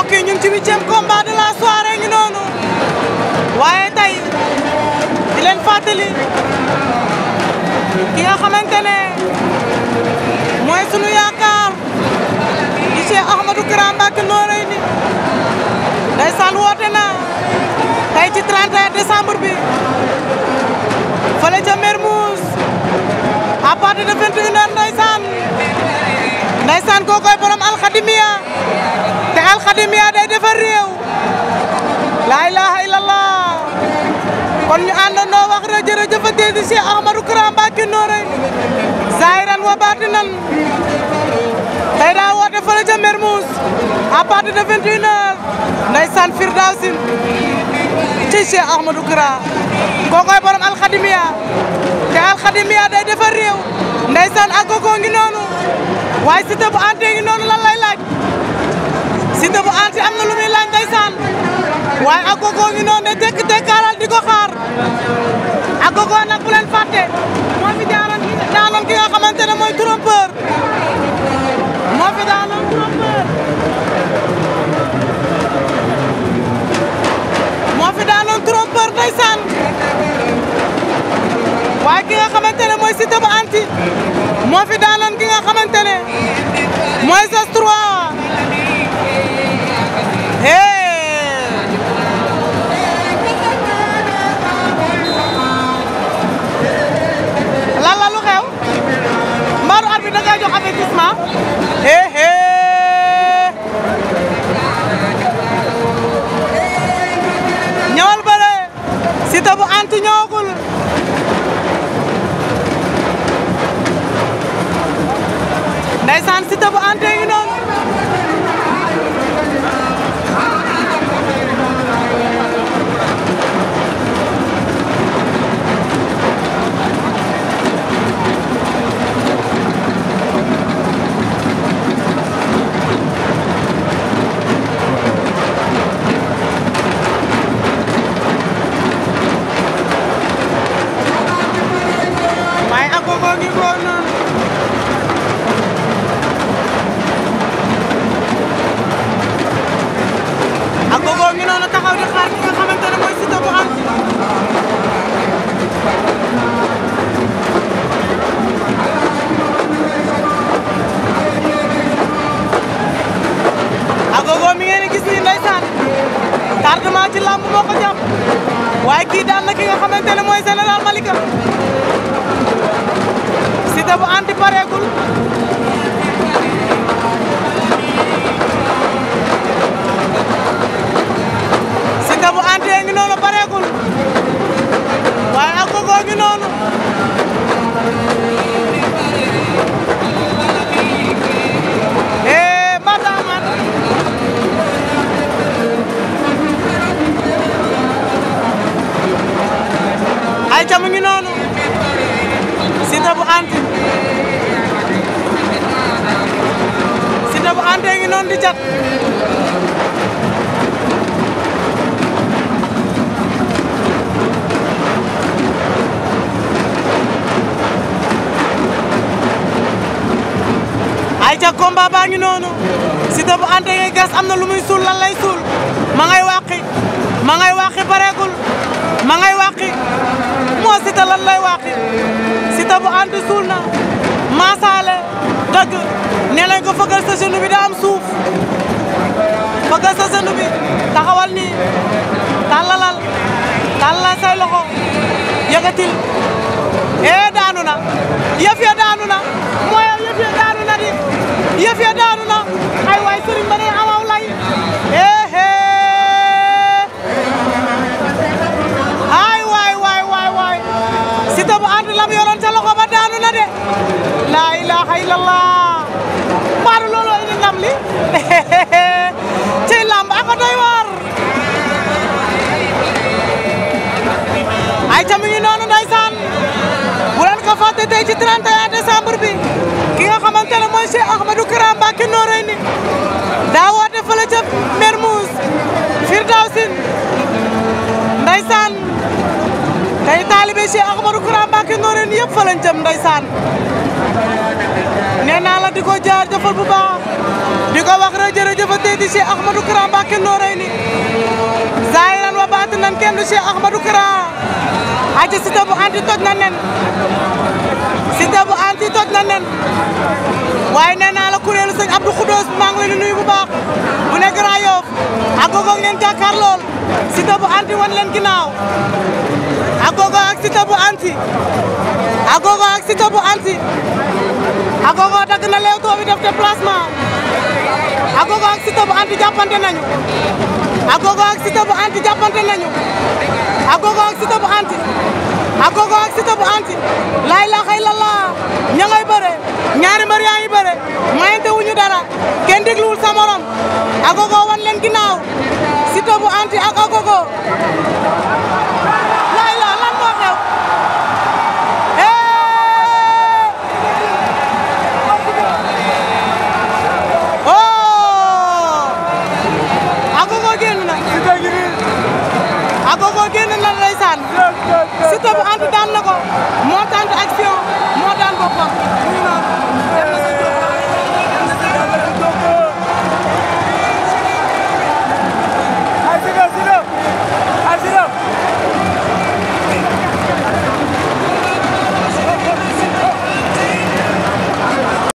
mbokk yi ñu ngi ci huitième combat de la soirée ngi noonu waaye tey di leen fàttali ki nga xamante ne mooy sunu yaakaar di Cheikh Ahmadou Kara Mbacké Noreyni ndeysaan woote na tey ci 31 décembre bi fële ca Mermoz à partir de 21 heures ndeysaan ndeysaan kookoy borom alxadimiya xadim yaa day defar réew laa ilaha illallah kon ñu àndandoo wax ra jërëjëfante di Cheikh Ahmadou Kara Mbacké Noreyni zahiran wa batinan tey daa woote fële ca Mermoz à partir de 21h ndeysaan Firdawsin ci Cheikh Ahmadou Kara kookoy borom alxadimiya te alxadimiya day defar réew ndeysaan ak kooku ngi noonu waaye si tëb ante ngi noonu lan lay waaye Agogo ngi noonu ne tekk tekkaaral di ko xaar Agogo nag bu leen moo fi jaaroon ki nga xamante mooy trompeur moo fi daanoon trompeur moo fi ki nga xamante mooy Siteu bu anti moo fi daanoon ak ngi noonu taxaw di xaar ki nga xamante ne mooy Siteu bu Anti. ak mi ngeen di gis nii ndeysaan tardement ci làmb moo ko jàpp waaye kii daan na ki nga mooy Général Malika. bu anti pareegul non di Aja ay ca combat baa ngi ante ngay gas amna lu muy sul lan lay sul ma ngay waxi ma ngay waxi paregul ma ngay mo ta lan lay waxi ante sulna. na sale dagg nee nañ ko bi daa suuf fëggal sa bi taxawal nii tàllalal tàllalal say loxo yëkkatil ee eh, daanu na yëf daanu na mooyal yëf daanu na di yëf daanu na ay waay sëriñ ba day amaw lay eh, eh. Siteu bu ànd la mu yoroon ca loxo ba daanu na de la ilaha illallah 31 décembre bi ki nga xamante ne mooy Cheikh Ahmadou Kara Mbacké Noreyni daa woote fële ca Mermoz Firdawsin ndaysaan tey taalibe Cheikh Ahmadou Kara Mbacké Noreyni yëpp fa lañ jëm ndaysaan nee naa la di ko jaar jëfal bu baax di ko wax rek jërëjëfatee di Cheikh Ahmadou Kara Mbacké Noreyni zaahiran wa baatinan kenn du Cheikh Ahmadou Kara aja Siteu bu anti tot nanen, si bu anti tot nanen. nen waaye la kuréelu sëñ Abdou khodous mang leen nuyu bu baax bu nek rayo agogo ngeen jàkkaar lol Siteu bu anti wan leen ginnaaw agogo ak Siteu bu anti agogo ak Siteu bu anti agogo dag na leewtoo bi def déplacement agogo ak Siteu bu anti jappante nañu Agogo ak Siteu bu anti jàppante nañu Agogo ak Siteu bu anti Agogo ak Siteu bu anti laa ilaaha illallaah ña ngay ñaari mbër yaa ngi wuñu dara kenn dégluwul sa morom Agogo leen ginnaaw Siteu bu anti ak Agogo daan Siteu bu ànd daan na ko moo daan action moo daan boppam